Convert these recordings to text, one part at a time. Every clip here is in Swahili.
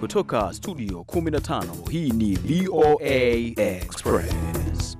kutoka studio 15 hii ni VOA Express.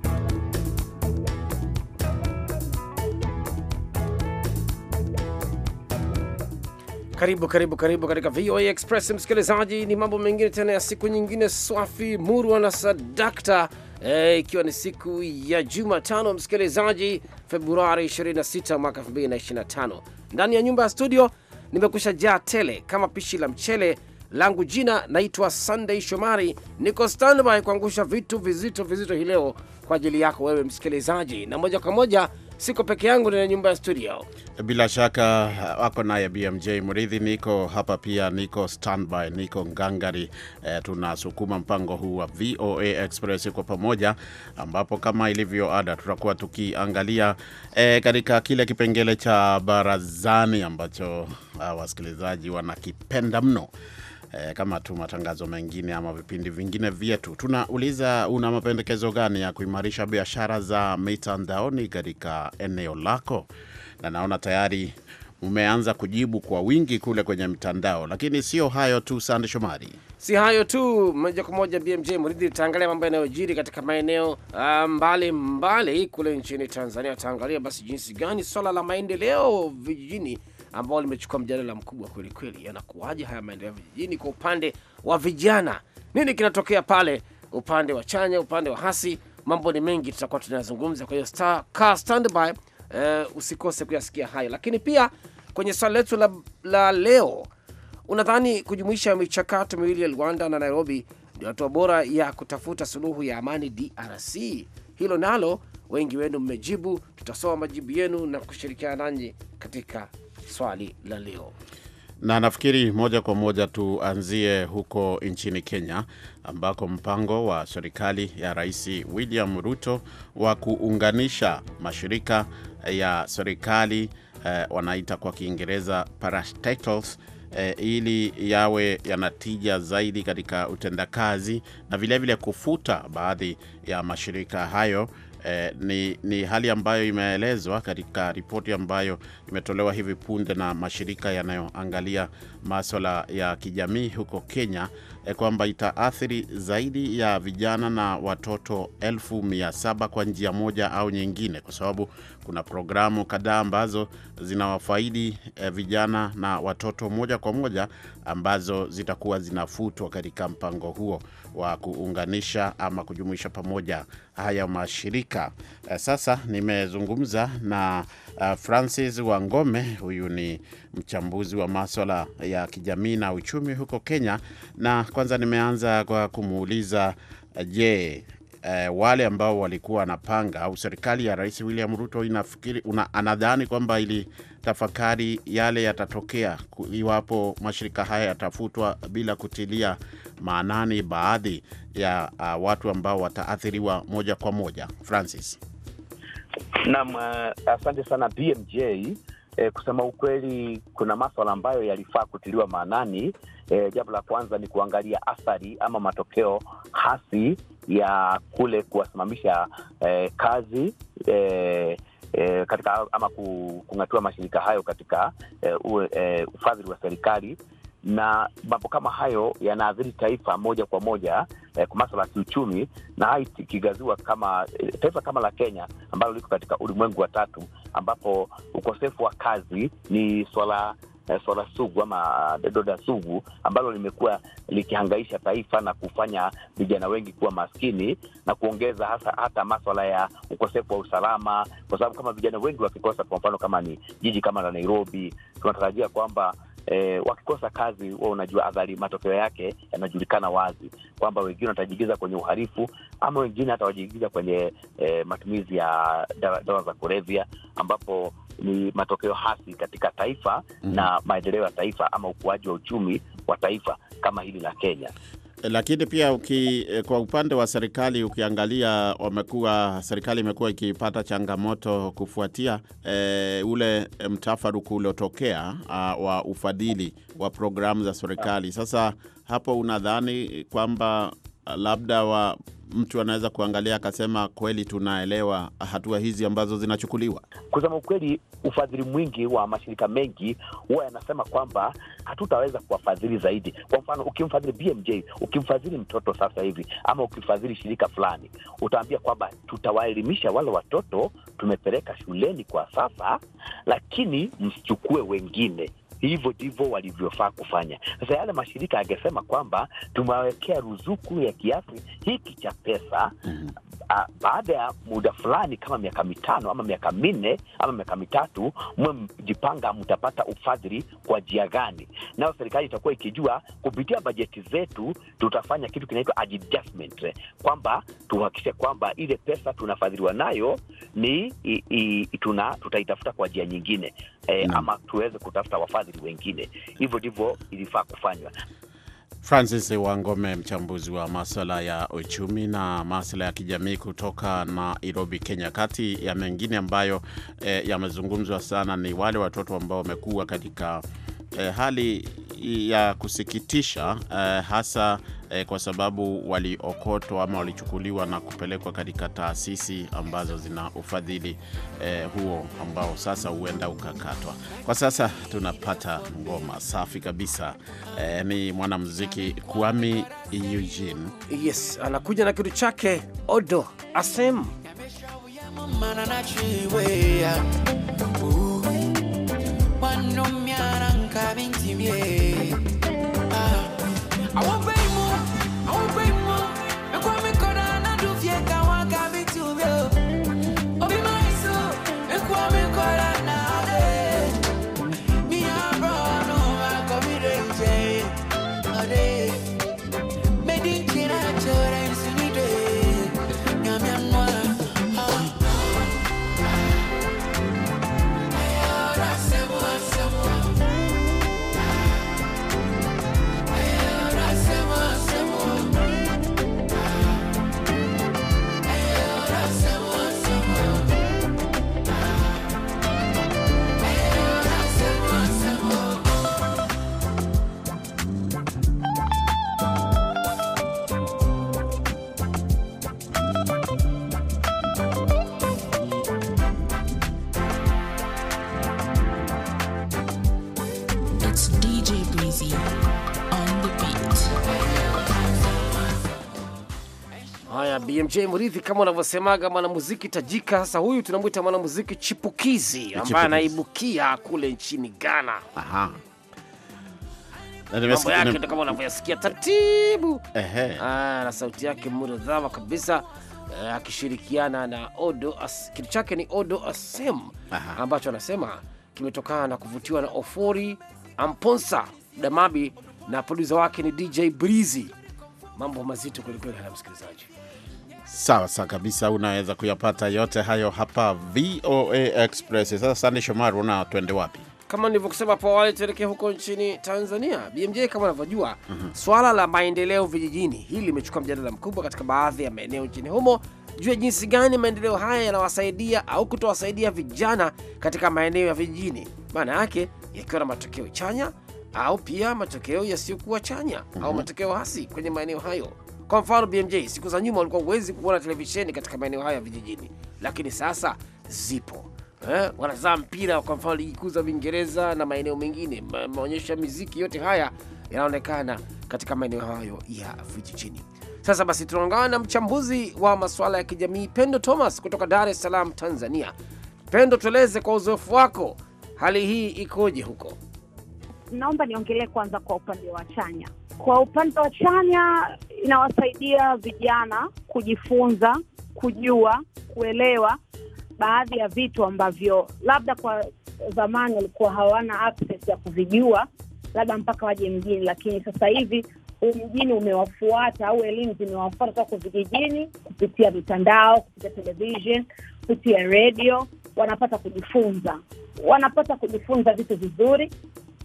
Karibu karibu karibu katika VOA Express msikilizaji, ni mambo mengine tena ya siku nyingine, swafi murwa na sadakta e, ikiwa ni siku ya Jumatano msikilizaji, Februari 26 mwaka 2025. Ndani ya nyumba ya studio nimekusha jaa tele kama pishi la mchele langu. Jina naitwa Sunday Shomari, niko standby kuangusha vitu vizito vizito hii leo kwa ajili yako wewe msikilizaji, na moja kwa moja siko peke yangu na nyumba ya studio. Bila shaka uh, wako naye BMJ Mridhi, niko hapa pia, niko standby, niko ngangari. E, tunasukuma mpango huu wa VOA Express kwa pamoja, ambapo kama ilivyo ada tutakuwa tukiangalia e, katika kile kipengele cha barazani ambacho uh, wasikilizaji wanakipenda mno e, kama tu matangazo mengine ama vipindi vingine vyetu, tunauliza una mapendekezo gani ya kuimarisha biashara za mitandaoni katika eneo lako? Na naona tayari umeanza kujibu kwa wingi kule kwenye mitandao, lakini sio hayo tu. Sande Shomari, si hayo tu. Moja kwa moja, BMJ Mridhi, tutaangalia mambo yanayojiri katika maeneo mbalimbali ah, mbali kule nchini Tanzania. Tutaangalia basi jinsi gani swala la maendeleo vijijini ambao limechukua mjadala mkubwa kweli kweli. Yanakuwaje haya maendeleo vijijini kwa upande wa vijana? Nini kinatokea pale, upande wa chanya, upande wa hasi? Mambo ni mengi, tutakuwa tunayazungumza. Kwa hiyo star ka standby, uh, usikose kuyasikia hayo. Lakini pia kwenye swali letu la, la leo, unadhani kujumuisha michakato miwili ya Rwanda na Nairobi ndio hatua bora ya kutafuta suluhu ya amani DRC? Hilo nalo wengi wenu mmejibu. Tutasoma majibu yenu na kushirikiana nanyi katika swali la leo na nafikiri moja kwa moja tuanzie huko nchini Kenya ambako mpango wa serikali ya Rais William Ruto wa kuunganisha mashirika ya serikali eh, wanaita kwa Kiingereza parastatals eh, ili yawe yanatija zaidi katika utendakazi na vilevile vile kufuta baadhi ya mashirika hayo eh, ni, ni hali ambayo imeelezwa katika ripoti ambayo imetolewa hivi punde na mashirika yanayoangalia maswala ya kijamii huko Kenya kwamba itaathiri zaidi ya vijana na watoto elfu mia saba kwa njia moja au nyingine, kwa sababu kuna programu kadhaa ambazo zinawafaidi eh, vijana na watoto moja kwa moja ambazo zitakuwa zinafutwa katika mpango huo wa kuunganisha ama kujumuisha pamoja haya mashirika. Eh, sasa nimezungumza na eh, Francis Wangome, huyu ni mchambuzi wa maswala ya kijamii na uchumi huko Kenya, na kwanza nimeanza kwa kumuuliza je, eh, wale ambao walikuwa wanapanga au serikali ya Rais William Ruto inafikiri una, anadhani kwamba ili tafakari yale yatatokea iwapo mashirika haya yatafutwa bila kutilia maanani baadhi ya uh, watu ambao wataathiriwa moja kwa moja. Francis. Naam, eh, asante sana BMJ. E, kusema ukweli kuna maswala ambayo yalifaa kutiliwa maanani. E, jambo la kwanza ni kuangalia athari ama matokeo hasi ya kule kuwasimamisha e, kazi e, e, katika ama kung'atua mashirika hayo katika e, e, ufadhili wa serikali na mambo kama hayo yanaathiri taifa moja kwa moja eh, kwa maswala ya kiuchumi, na hai ikigaziwa kama eh, taifa kama la Kenya ambalo liko katika ulimwengu wa tatu, ambapo ukosefu wa kazi ni swala eh, swala sugu ama doda sugu ambalo limekuwa likihangaisha taifa na kufanya vijana wengi kuwa maskini na kuongeza hasa hata maswala ya ukosefu wa usalama, kwa sababu kama vijana wengi wakikosa, kwa mfano kama ni jiji kama la Nairobi, tunatarajia kwamba eh, wakikosa kazi huwa unajua adhari, matokeo yake yanajulikana wazi kwamba wengine watajiingiza kwenye uhalifu ama wengine hata wajiingiza kwenye eh, matumizi ya dawa, za kulevya ambapo ni matokeo hasi katika taifa mm -hmm. na maendeleo ya taifa ama ukuaji wa uchumi wa taifa kama hili la Kenya. Lakini pia uki, eh, kwa upande wa serikali ukiangalia, wamekuwa serikali imekuwa ikipata changamoto kufuatia e, ule eh, mtafaruku uliotokea ah, wa ufadhili wa programu za serikali. Sasa hapo unadhani kwamba Eh, labda wa mtu anaweza kuangalia akasema kweli tunaelewa hatua hizi ambazo zinachukuliwa. Kusema ukweli, ufadhili mwingi wa mashirika mengi huwa yanasema kwamba hatutaweza kuwafadhili zaidi. Kwa mfano, ukimfadhili BMJ, ukimfadhili mtoto sasa hivi, ama ukifadhili shirika fulani, utaambia kwamba tutawaelimisha wale watoto tumepeleka shuleni kwa sasa, lakini msichukue wengine hivyo ndivyo walivyofaa kufanya. Sasa yale mashirika yangesema kwamba tumewekea ruzuku ya kiasi hiki cha pesa mm -hmm. A, baada ya muda fulani kama miaka mitano ama miaka minne ama miaka mitatu, mmejipanga mtapata ufadhili kwa njia gani, nayo serikali itakuwa ikijua kupitia bajeti zetu tutafanya kitu kinaitwa adjustment, kwamba tuhakikishe kwamba ile pesa tunafadhiliwa nayo ni i, i, tuna tutaitafuta kwa njia nyingine eh, mm. ama tuweze kutafuta wafadhili wengine. Hivyo ndivyo ilifaa kufanywa. Francis Wangome, mchambuzi wa maswala ya uchumi na maswala ya kijamii kutoka Nairobi, Kenya. Kati ya mengine ambayo eh, yamezungumzwa sana ni wale watoto ambao wamekuwa katika eh, hali ya kusikitisha eh, hasa eh, kwa sababu waliokotwa ama walichukuliwa na kupelekwa katika taasisi ambazo zina ufadhili eh, huo ambao sasa huenda ukakatwa. Kwa sasa tunapata ngoma safi kabisa eh, ni mwanamuziki Kwami Eugene. Yes, anakuja na kitu chake Odo Asem. on the beat. Haya, BMJ Murithi, kama unavyosemaga mwanamuziki tajika. Sasa huyu tunamwita mwanamuziki chipukizi ambaye anaibukia kule nchini Ghana. Aha. Mambo yake kama unavyoyasikia taratibu, ah, na sauti yake muridhawa kabisa eh, akishirikiana na Odo As, kitu chake ni Odo Asem ambacho anasema kimetokana na kuvutiwa na Ofori Amponsa Damabi na produsa wake ni DJ Breezy. Mambo mazito kwelikweli, haya msikilizaji. Sawa sawa kabisa, unaweza kuyapata yote hayo hapa VOA Express. Sasa Sande Shomari, una twende wapi? Kama nilivyokusema hapo awali, tuelekee huko nchini Tanzania. BMJ kama unavyojua, mm -hmm. Swala la maendeleo vijijini hili limechukua mjadala mkubwa katika baadhi ya maeneo nchini humo juu ya jinsi gani maendeleo haya yanawasaidia au kutowasaidia vijana katika maeneo ya vijijini, maana yake yakiwa na matokeo chanya au pia matokeo yasiyokuwa chanya mm -hmm. au mhm. matokeo hasi kwenye maeneo hayo. Kwa mfano BMJ, siku za nyuma walikuwa huwezi kuona televisheni katika maeneo hayo ya vijijini, lakini sasa zipo eh, wanazaa mpira kwa mfano ligi kuu za Uingereza na maeneo mengine, maonyesho ya miziki yote haya yanaonekana katika maeneo hayo ya vijijini. Sasa basi, tunaungana na mchambuzi wa masuala ya kijamii Pendo Thomas kutoka Dar es Salaam, Tanzania. Pendo, tueleze kwa uzoefu wako, hali hii ikoje huko? naomba niongelee kwanza kwa upande wa chanya. Kwa upande wa chanya, inawasaidia vijana kujifunza, kujua, kuelewa baadhi ya vitu ambavyo labda kwa zamani walikuwa hawana access ya kuvijua, labda mpaka waje mjini, lakini sasa hivi mjini umewafuata au elimu zimewafuata toka vijijini, kupitia mitandao, kupitia television, kupitia redio, wanapata kujifunza, wanapata kujifunza vitu vizuri,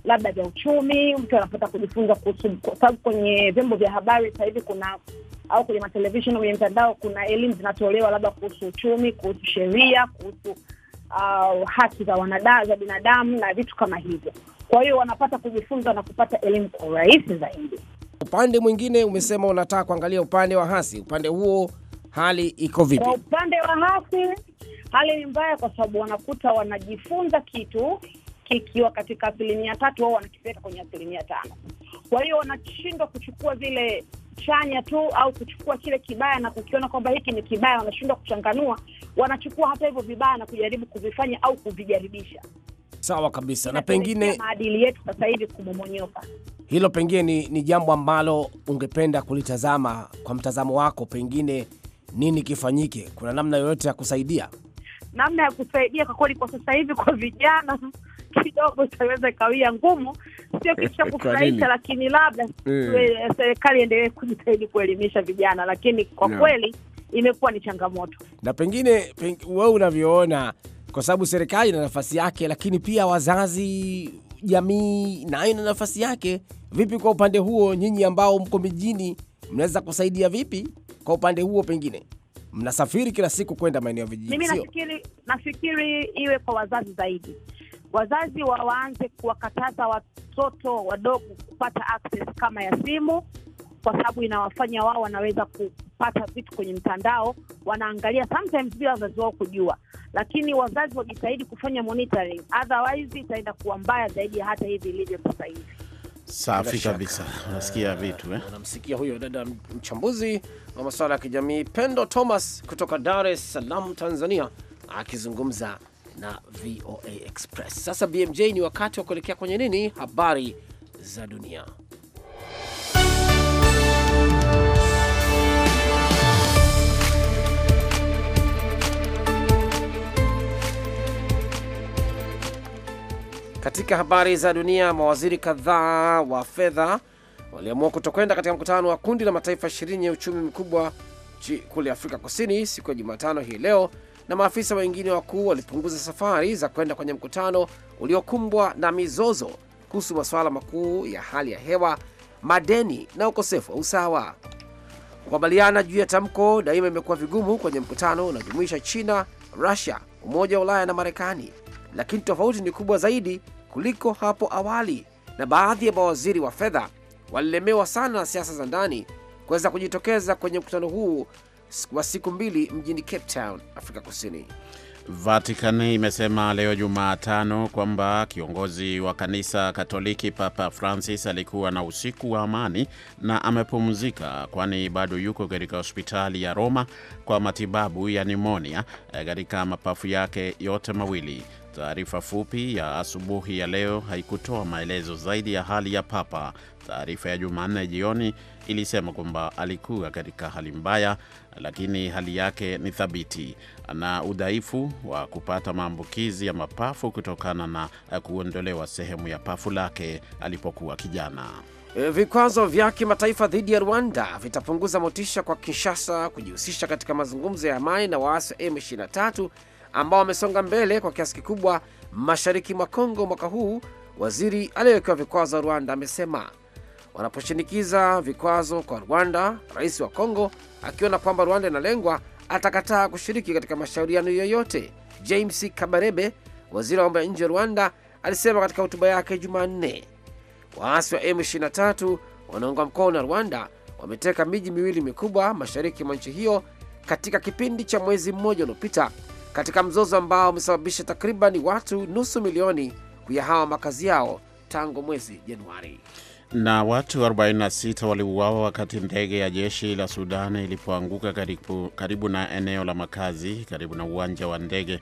labda vya uchumi, mtu anapata kujifunza kuhusu, kwa sababu kwenye vyombo vya habari sasa hivi kuna au kwenye matelevishen kwenye mtandao kuna elimu zinatolewa labda kuhusu uchumi, kuhusu sheria, kuhusu uh, haki za wanada, za binadamu na vitu kama hivyo. Kwa hiyo wanapata kujifunza na kupata elimu kwa urahisi zaidi. Upande mwingine umesema unataka kuangalia upande wa hasi, upande huo hali iko vipi? Kwa upande wa hasi hali ni mbaya, kwa sababu wanakuta wanajifunza kitu kikiwa katika asilimia tatu, wao wanakipeleka kwenye asilimia tano. Kwa hiyo wanashindwa kuchukua zile chanya tu au kuchukua kile kibaya na kukiona kwamba hiki ni kibaya, wanashindwa kuchanganua, wanachukua hata hivyo vibaya na kujaribu kuvifanya au kuvijaribisha. Sawa kabisa, na pengine maadili yetu sasa hivi kumomonyoka. Hilo pengine ni, ni jambo ambalo ungependa kulitazama kwa mtazamo wako, pengine nini kifanyike? Kuna namna yoyote ya kusaidia? Namna ya kusaidia kwa kweli, kwa sasa hivi kwa vijana kidogo tutaweza ikawia ngumu, sio kitu cha kufurahisha, lakini labda mm. Eh, serikali endelee kujitahidi kuelimisha vijana, lakini kwa no. kweli imekuwa ni changamoto, na pengine wewe unavyoona, kwa sababu serikali ina nafasi yake, lakini pia wazazi, jamii nayo na nafasi yake. Vipi kwa upande huo, nyinyi ambao mko mijini, mnaweza kusaidia vipi kwa upande huo? Pengine mnasafiri kila siku kwenda maeneo ya vijijini. Mimi nafikiri, nafikiri iwe kwa wazazi zaidi wazazi wa waanze kuwakataza watoto wadogo kupata access kama ya simu, kwa sababu inawafanya wao wanaweza kupata vitu kwenye mtandao, wanaangalia sometimes bila wazazi wao kujua, lakini wazazi wajitahidi kufanya monitoring, otherwise itaenda kuwa mbaya zaidi ya hata hivi ilivyo sasa hivi. Safi kabisa, unasikia vitu eh? Anamsikia huyo dada mchambuzi wa masuala ya kijamii Pendo Thomas kutoka Dar es Salaam, Tanzania akizungumza na VOA Express. Sasa BMJ, ni wakati wa kuelekea kwenye nini, habari za dunia. Katika habari za dunia, mawaziri kadhaa wa fedha waliamua kutokwenda katika mkutano wa kundi la mataifa ishirini ya uchumi mkubwa kule Afrika Kusini siku ya Jumatano hii leo na maafisa wengine wakuu walipunguza safari za kwenda kwenye mkutano uliokumbwa na mizozo kuhusu masuala makuu ya hali ya hewa, madeni na ukosefu wa usawa. Kukubaliana juu ya tamko daima imekuwa vigumu kwenye mkutano unajumuisha China, Rusia, Umoja wa Ulaya na Marekani, lakini tofauti ni kubwa zaidi kuliko hapo awali, na baadhi ya mawaziri wa fedha walilemewa sana na siasa za ndani kuweza kujitokeza kwenye mkutano huu wa siku mbili mjini Cape Town, Afrika Kusini. Vatican imesema leo Jumatano kwamba kiongozi wa kanisa Katoliki Papa Francis alikuwa na usiku wa amani na amepumzika, kwani bado yuko katika hospitali ya Roma kwa matibabu ya nimonia eh, katika mapafu yake yote mawili. Taarifa fupi ya asubuhi ya leo haikutoa maelezo zaidi ya hali ya Papa. Taarifa ya Jumanne jioni ilisema kwamba alikuwa katika hali mbaya, lakini hali yake ni thabiti. Ana udhaifu wa kupata maambukizi ya mapafu kutokana na kuondolewa sehemu ya pafu lake alipokuwa kijana. E, vikwazo vya kimataifa dhidi ya Rwanda vitapunguza motisha kwa Kinshasa kujihusisha katika mazungumzo ya amani na waasi wa M23 ambao wamesonga mbele kwa kiasi kikubwa mashariki mwa Kongo mwaka huu, waziri aliyewekewa vikwazo wa Rwanda amesema wanaposhinikiza vikwazo kwa Rwanda, rais wa Kongo akiona kwamba Rwanda inalengwa atakataa kushiriki katika mashauriano yoyote. James Kabarebe, waziri wa mambo ya nje wa Rwanda, alisema katika hotuba yake Jumanne waasi wa M23 wanaungwa mkono na Rwanda wameteka miji miwili mikubwa mashariki mwa nchi hiyo katika kipindi cha mwezi mmoja uliopita, katika mzozo ambao umesababisha takriban watu nusu milioni kuyahawa makazi yao tangu mwezi Januari. Na watu 46 waliuawa wakati ndege ya jeshi la sudan ilipoanguka karibu, karibu na eneo la makazi karibu na uwanja wa ndege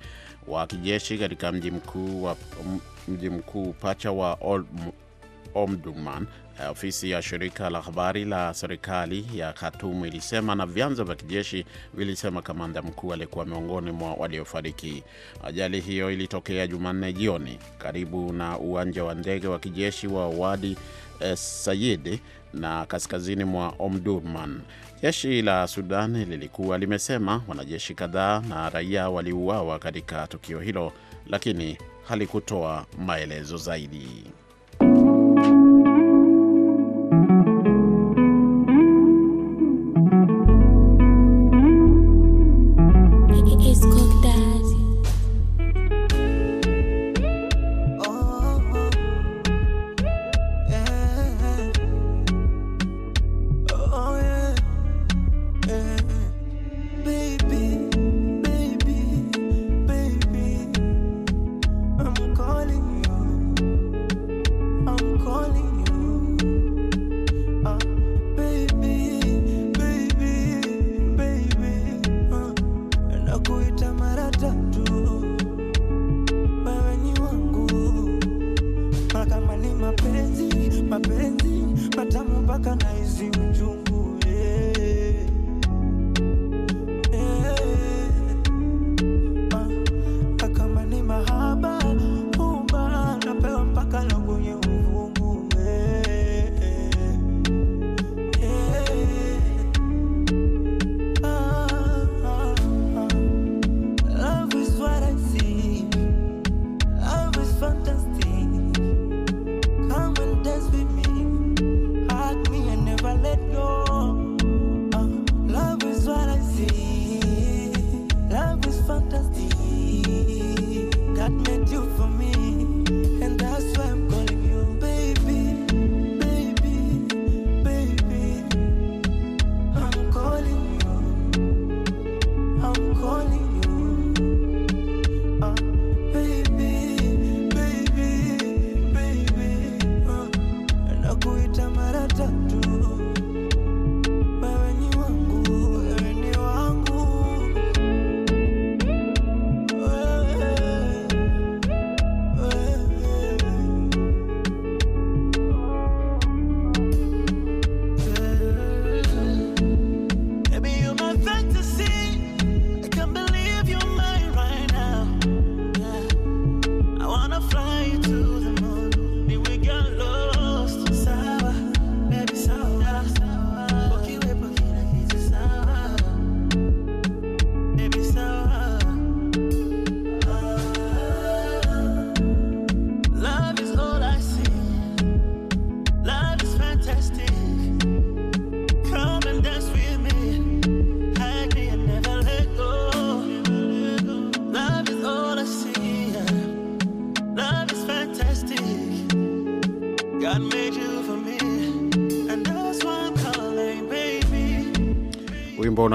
wa kijeshi katika mji mkuu pacha wa Old Omdurman. Ofisi ya shirika la habari la serikali ya Khartoum ilisema na vyanzo vya kijeshi vilisema kamanda mkuu alikuwa miongoni mwa waliofariki. Ajali hiyo ilitokea Jumanne jioni karibu na uwanja wa ndege wa kijeshi wa Wadi eh, Sayidi na kaskazini mwa Omdurman. Jeshi la Sudan lilikuwa limesema wanajeshi kadhaa na raia waliuawa katika tukio hilo, lakini halikutoa maelezo zaidi.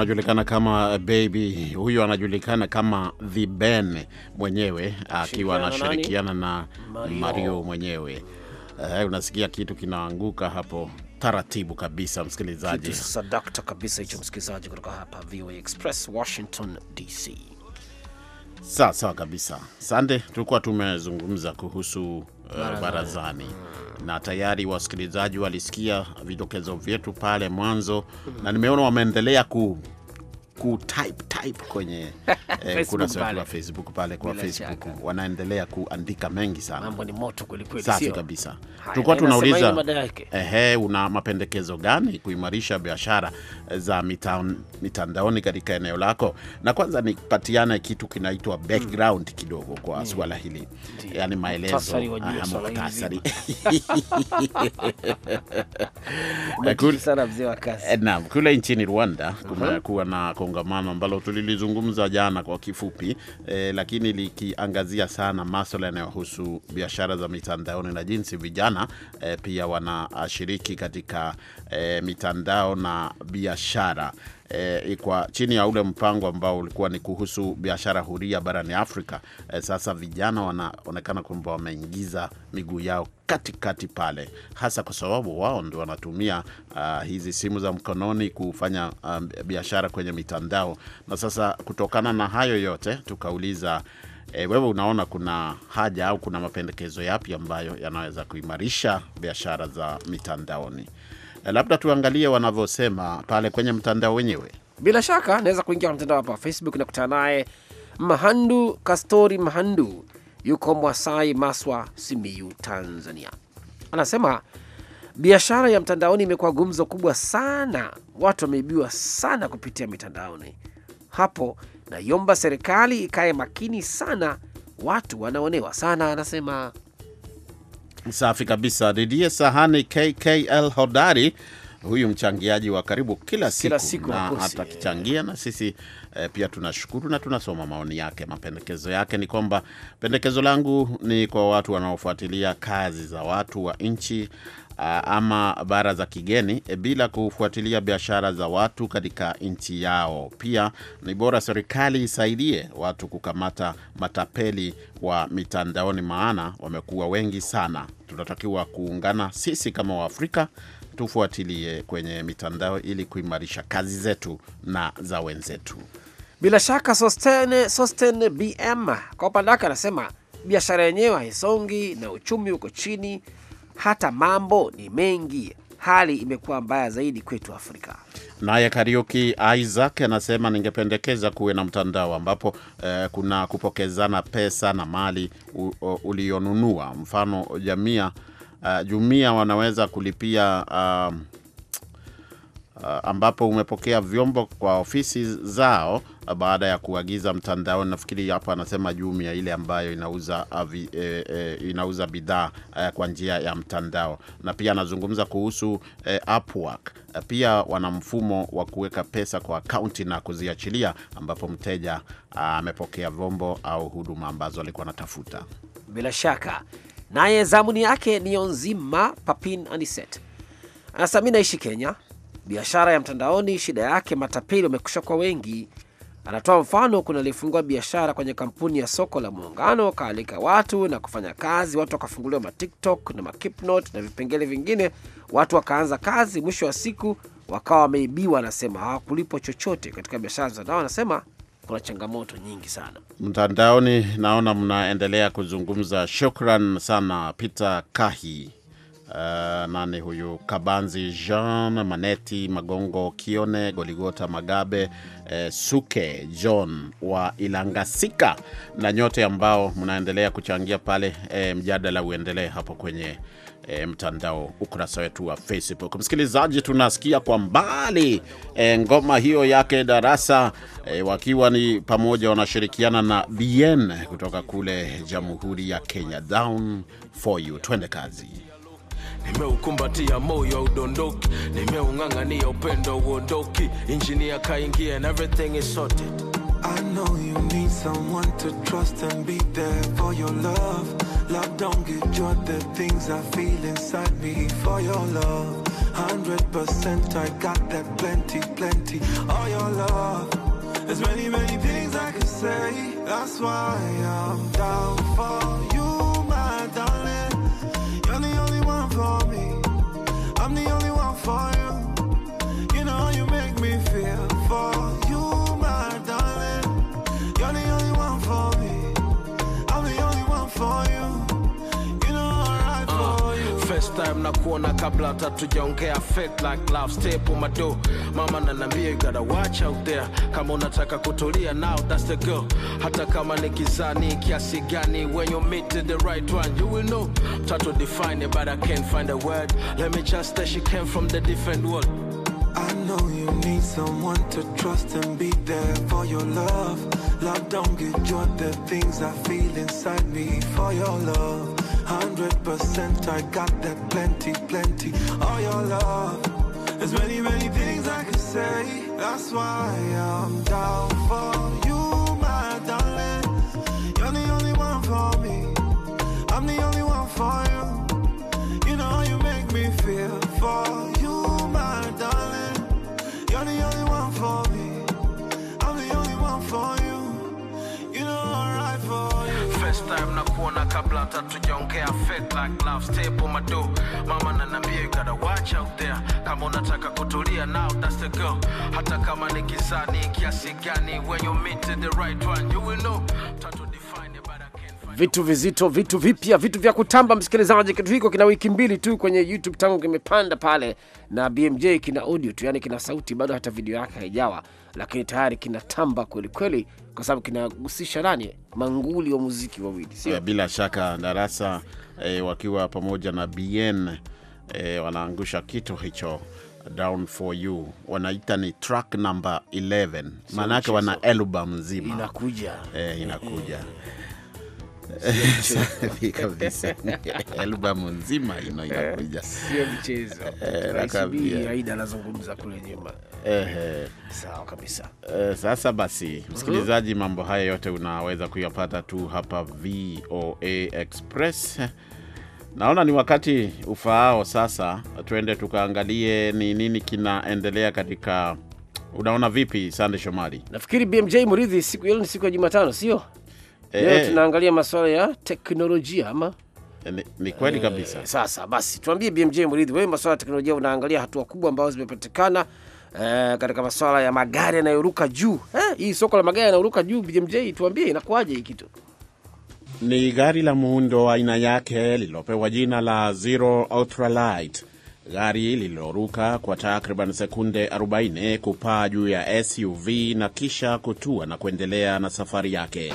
anajulikana kama Baby. Huyu anajulikana kama The Ben mwenyewe akiwa anashirikiana na Mario, Mario mwenyewe. Uh, unasikia kitu kinaanguka hapo taratibu kabisa, msikilizaji, sadakta kabisa hicho msikilizaji, kutoka hapa VOA Express Washington DC. Sawa sawa kabisa. Sande, tulikuwa tumezungumza kuhusu Uh, barazani, barazani na tayari wasikilizaji walisikia vidokezo vyetu pale mwanzo, na nimeona wameendelea ku kutype type kwenye eh, kurasa pale. wa Facebook pale kwa Facebook shaka. Wanaendelea kuandika mengi sana, mambo ni moto kweli kweli, safi kabisa. Tulikuwa tunauliza ehe, una mapendekezo gani kuimarisha biashara za mitandaoni katika eneo lako? Na kwanza nipatiane kitu kinaitwa background mm. kidogo kwa mm. suala hili Ndi. yani maelezo muhtasari eh, kule nchini Rwanda kumekuwa na kongamano ambalo tulilizungumza jana kwa kifupi eh, lakini likiangazia sana maswala yanayohusu biashara za mitandaoni na jinsi vijana eh, pia wanashiriki katika eh, mitandao na biashara eh, kwa chini ya ule mpango ambao ulikuwa ni kuhusu biashara huria barani Afrika. Eh, sasa vijana wanaonekana kwamba wameingiza miguu yao katikati kati pale, hasa kwa sababu wao ndio wanatumia uh, hizi simu za mkononi kufanya uh, biashara kwenye mitandao. Na sasa kutokana na hayo yote tukauliza E, wewe unaona kuna haja au kuna mapendekezo yapi ambayo yanaweza kuimarisha biashara za mitandaoni? labda tuangalie wanavyosema pale kwenye mtandao wenyewe. Bila shaka naweza kuingia kwa mtandao hapa Facebook na naye Mahandu Kastori Mahandu, yuko Mwasai, Maswa, Simiyu, Tanzania. Anasema biashara ya mtandaoni imekuwa gumzo kubwa sana, watu wameibiwa sana kupitia mitandaoni. Hapo naiomba serikali ikae makini sana, watu wanaonewa sana, anasema Safi kabisa. Didie Sahani KKL Hodari, huyu mchangiaji wa karibu kila siku, kila siku na atakichangia na sisi e, pia tunashukuru na tunasoma maoni yake. Mapendekezo yake ni kwamba pendekezo langu ni kwa watu wanaofuatilia kazi za watu wa nchi ama bara za kigeni e, bila kufuatilia biashara za watu katika nchi yao. Pia ni bora serikali isaidie watu kukamata matapeli wa mitandaoni, maana wamekuwa wengi sana. Tunatakiwa kuungana sisi kama Waafrika tufuatilie kwenye mitandao ili kuimarisha kazi zetu na za wenzetu. Bila shaka Sosten, Sosten BM kwa upande wake anasema biashara yenyewe haisongi na uchumi uko chini, hata mambo ni mengi, hali imekuwa mbaya zaidi kwetu Afrika. Naye Kariuki Isaac anasema ningependekeza kuwe na mtandao ambapo eh, kuna kupokezana pesa na mali uliyonunua, mfano jamia, uh, eh, jumia wanaweza kulipia uh, Uh, ambapo umepokea vyombo kwa ofisi zao uh, baada ya kuagiza mtandaoni. Nafikiri hapa anasema jumu ya ile ambayo inauza avi, uh, e, eh, e, eh, inauza bidhaa e, kwa njia ya mtandao, na pia anazungumza kuhusu e, Upwork. Pia wana mfumo wa kuweka pesa kwa akaunti na kuziachilia, ambapo mteja amepokea vyombo au huduma ambazo alikuwa anatafuta. Bila shaka naye zamuni yake niyo nzima Papin Aniset anasema mi naishi Kenya Biashara ya mtandaoni shida yake matapeli wamekusha kwa wengi. Anatoa mfano, kuna alifungua biashara kwenye kampuni ya soko la Muungano, kaalika watu na kufanya kazi, watu wakafunguliwa matiktok na makipnot na vipengele vingine, watu wakaanza kazi, mwisho wa siku wakawa wameibiwa. Anasema hawakulipwa chochote katika biashara za mtandao. Anasema kuna changamoto nyingi sana mtandaoni. Naona mnaendelea kuzungumza. Shukran sana Peter Kahi. Ah, nani huyu Kabanzi Jean Maneti Magongo Kione Goligota Magabe eh, Suke John wa Ilangasika na nyote ambao mnaendelea kuchangia pale eh, mjadala uendelee hapo kwenye E, mtandao ukurasa wetu wa Facebook. Msikilizaji, tunasikia kwa mbali e, ngoma hiyo yake darasa e, wakiwa ni pamoja wanashirikiana na bn kutoka kule Jamhuri ya Kenya. Down for you, twende kazi. nimeukumbatia moyo nimeung'ang'ania upendo uondoki. and everything is sorted. I know you need someone to trust and be there for your love. Love don't get you the things I feel inside me for your love. Hundred percent, I got that plenty, plenty. All your love. There's many, many things I could say. That's why I'm down for you. kabla hata tujaongea fake like love step on my door mama nanambia you gotta watch out there kama unataka kutulia now that's the girl hata kama ni kizani kiasi gani when you meet the right one you will know try to define it but i can't find a word let me just that she came from the different world I know you need someone to trust and be there for your love. Love, don't get joy, the things I feel inside me for your love hundred percent I got that plenty, plenty All your love There's many, many things I could say That's why I'm down for you kabla tatujaongea fed like love tape on my door mama nanambia you gotta watch out there kama unataka kutulia now that's the girl hata kama ni kizani kiasi gani when you meet the right one you will know tatu vitu vizito, vitu vipya, vitu vya kutamba. Msikilizaji, kitu hiko kina wiki mbili tu kwenye YouTube tangu kimepanda pale, na BMJ kina audio tu, yani kina sauti, bado hata video yake haijawa, lakini tayari kinatamba kwelikweli, kwa sababu kinagusisha nani, manguli wa muziki wawili, sio eh, bila shaka darasa eh, wakiwa pamoja na BN eh, wanaangusha kitu hicho Down for You wanaita ni track number 11, maana wana album nzima inakuja, eh, inakuja. safi kabisa albamu nzima ino inakuja, eh, sio mchezo. Eh, Aida anazungumza kule nyuma. Sawa kabisa. Eh, sasa basi, msikilizaji, mambo haya yote unaweza kuyapata tu hapa VOA Express. Naona ni wakati ufaao sasa, tuende tukaangalie ni nini kinaendelea katika Unaona vipi Sande Shomari? Nafikiri BMJ mridhi siku ni siku ya Jumatano, sio? eh, leo eh. tunaangalia masuala ya teknolojia ama eh, ni, kweli eh, kabisa eh. Sasa basi tuambie BMJ Mridhi, wewe masuala ya teknolojia unaangalia hatua kubwa ambazo zimepatikana eh, katika masuala ya magari yanayoruka juu eh, hii soko la magari yanayoruka juu BMJ, tuambie inakuwaje hii kitu? Ni gari la muundo wa aina yake lililopewa jina la Zero Ultralight, gari lililoruka kwa takriban sekunde 40 kupaa juu ya SUV na kisha kutua na kuendelea na safari yake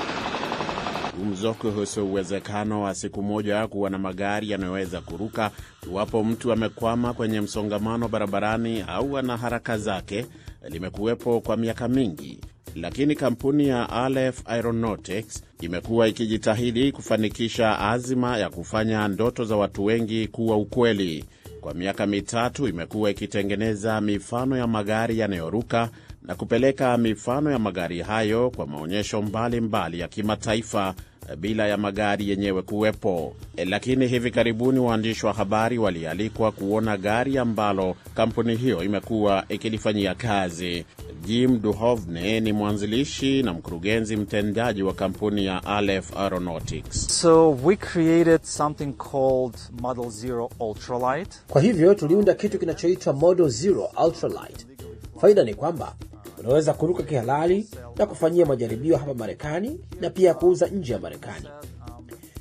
gumzo kuhusu uwezekano wa siku moja kuwa na magari yanayoweza kuruka iwapo mtu amekwama kwenye msongamano barabarani au ana haraka zake limekuwepo kwa miaka mingi, lakini kampuni ya Aleph Aeronautics imekuwa ikijitahidi kufanikisha azima ya kufanya ndoto za watu wengi kuwa ukweli. Kwa miaka mitatu imekuwa ikitengeneza mifano ya magari yanayoruka na kupeleka mifano ya magari hayo kwa maonyesho mbalimbali mbali ya kimataifa eh, bila ya magari yenyewe kuwepo. Eh, lakini hivi karibuni waandishi wa habari walialikwa kuona gari ambalo kampuni hiyo imekuwa ikilifanyia kazi. Jim Duhovne ni mwanzilishi na mkurugenzi mtendaji wa kampuni ya Aleph Aeronautics. So we created something called Model Zero Ultralight. Kwa hivyo tuliunda kitu kinachoitwa Model Zero Ultralight. Faida ni kwamba unaweza kuruka kihalali na kufanyia majaribio hapa Marekani na pia kuuza nje ya Marekani.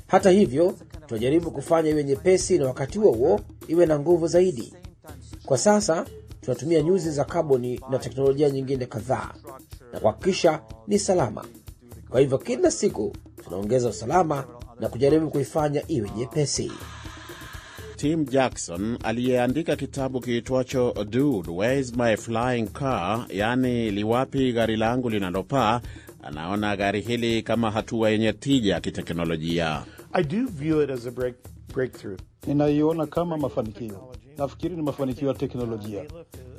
Hata hivyo, tunajaribu kufanya iwe nyepesi na wakati huo huo iwe na nguvu zaidi. Kwa sasa tunatumia nyuzi za kaboni na teknolojia nyingine kadhaa na kuhakikisha ni salama. Kwa hivyo, kila siku tunaongeza usalama na kujaribu kuifanya iwe nyepesi. Tim Jackson aliyeandika kitabu kiitwacho Dude, Where's My Flying Car, yaani liwapi gari langu linalopaa, anaona gari hili kama hatua yenye tija ya kiteknolojia. Ninaiona kama mafanikio. Nafikiri ni mafanikio ya teknolojia.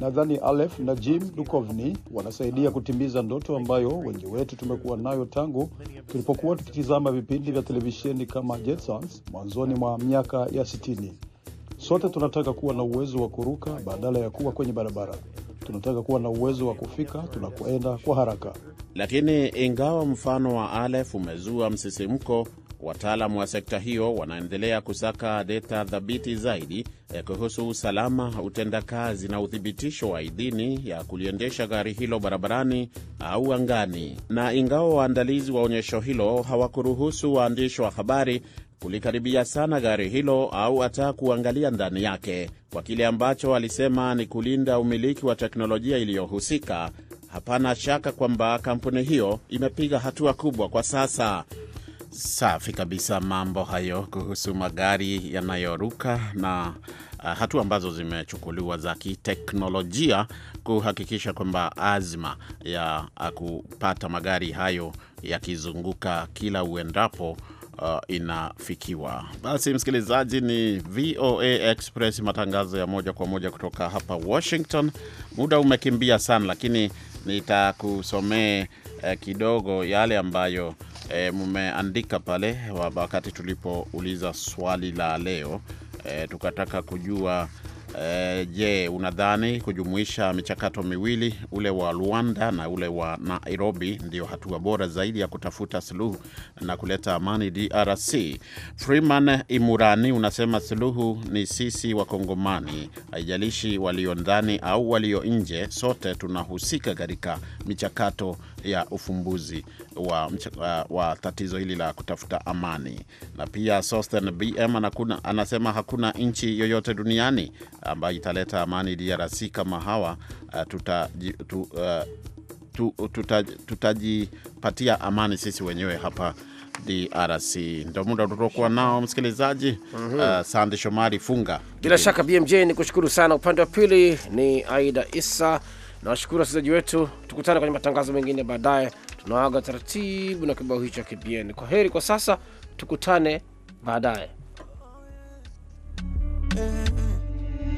Nadhani Alef na Jim dukovny wanasaidia kutimiza ndoto ambayo wengi wetu tumekuwa nayo tangu tulipokuwa tukitizama vipindi vya televisheni kama Jetsons mwanzoni mwa miaka ya sitini. Sote tunataka kuwa na uwezo wa kuruka badala ya kuwa kwenye barabara. Tunataka kuwa na uwezo wa kufika tunakoenda kwa haraka. Lakini ingawa mfano wa Aleph umezua msisimko, wataalamu wa sekta hiyo wanaendelea kusaka data thabiti zaidi eh, kuhusu usalama, utendakazi na uthibitisho wa idhini ya kuliendesha gari hilo barabarani au angani. Na ingawa waandalizi wa onyesho hilo hawakuruhusu waandishi wa habari kulikaribia sana gari hilo au hata kuangalia ndani yake kwa kile ambacho alisema ni kulinda umiliki wa teknolojia iliyohusika. Hapana shaka kwamba kampuni hiyo imepiga hatua kubwa kwa sasa. Safi kabisa, mambo hayo kuhusu magari yanayoruka na uh, hatua ambazo zimechukuliwa za kiteknolojia kuhakikisha kwamba azma ya uh, kupata magari hayo yakizunguka kila uendapo uh, inafikiwa. Basi msikilizaji, ni VOA Express, matangazo ya moja kwa moja kutoka hapa Washington. Muda umekimbia sana, lakini nitakusomee eh, kidogo yale ambayo eh, mmeandika pale wakati tulipouliza swali la leo. eh, tukataka kujua Eh, je, unadhani kujumuisha michakato miwili ule wa Luanda na ule wa Nairobi ndio hatua bora zaidi ya kutafuta suluhu na kuleta amani DRC? Freeman Imurani unasema suluhu ni sisi Wakongomani, haijalishi walio ndani au walio nje, sote tunahusika katika michakato ya ufumbuzi wa, wa, wa tatizo hili la kutafuta amani. Na pia Sosten BM anasema hakuna nchi yoyote duniani ambayo italeta amani DRC kama hawa uh, tutaji, tu, uh, tu, tutaji, tutajipatia amani sisi wenyewe hapa DRC. Ndio muda tutokuwa nao msikilizaji. mm -hmm. Uh, Sande Shomari funga bila shaka BMJ ni kushukuru sana. Upande wa pili ni Aida Issa nawashukuru washukuru wasikilizaji wetu. Tukutane kwenye matangazo mengine baadaye. tunaaga taratibu na kibao hicho kibieni. Kwa heri kwa sasa, tukutane baadaye.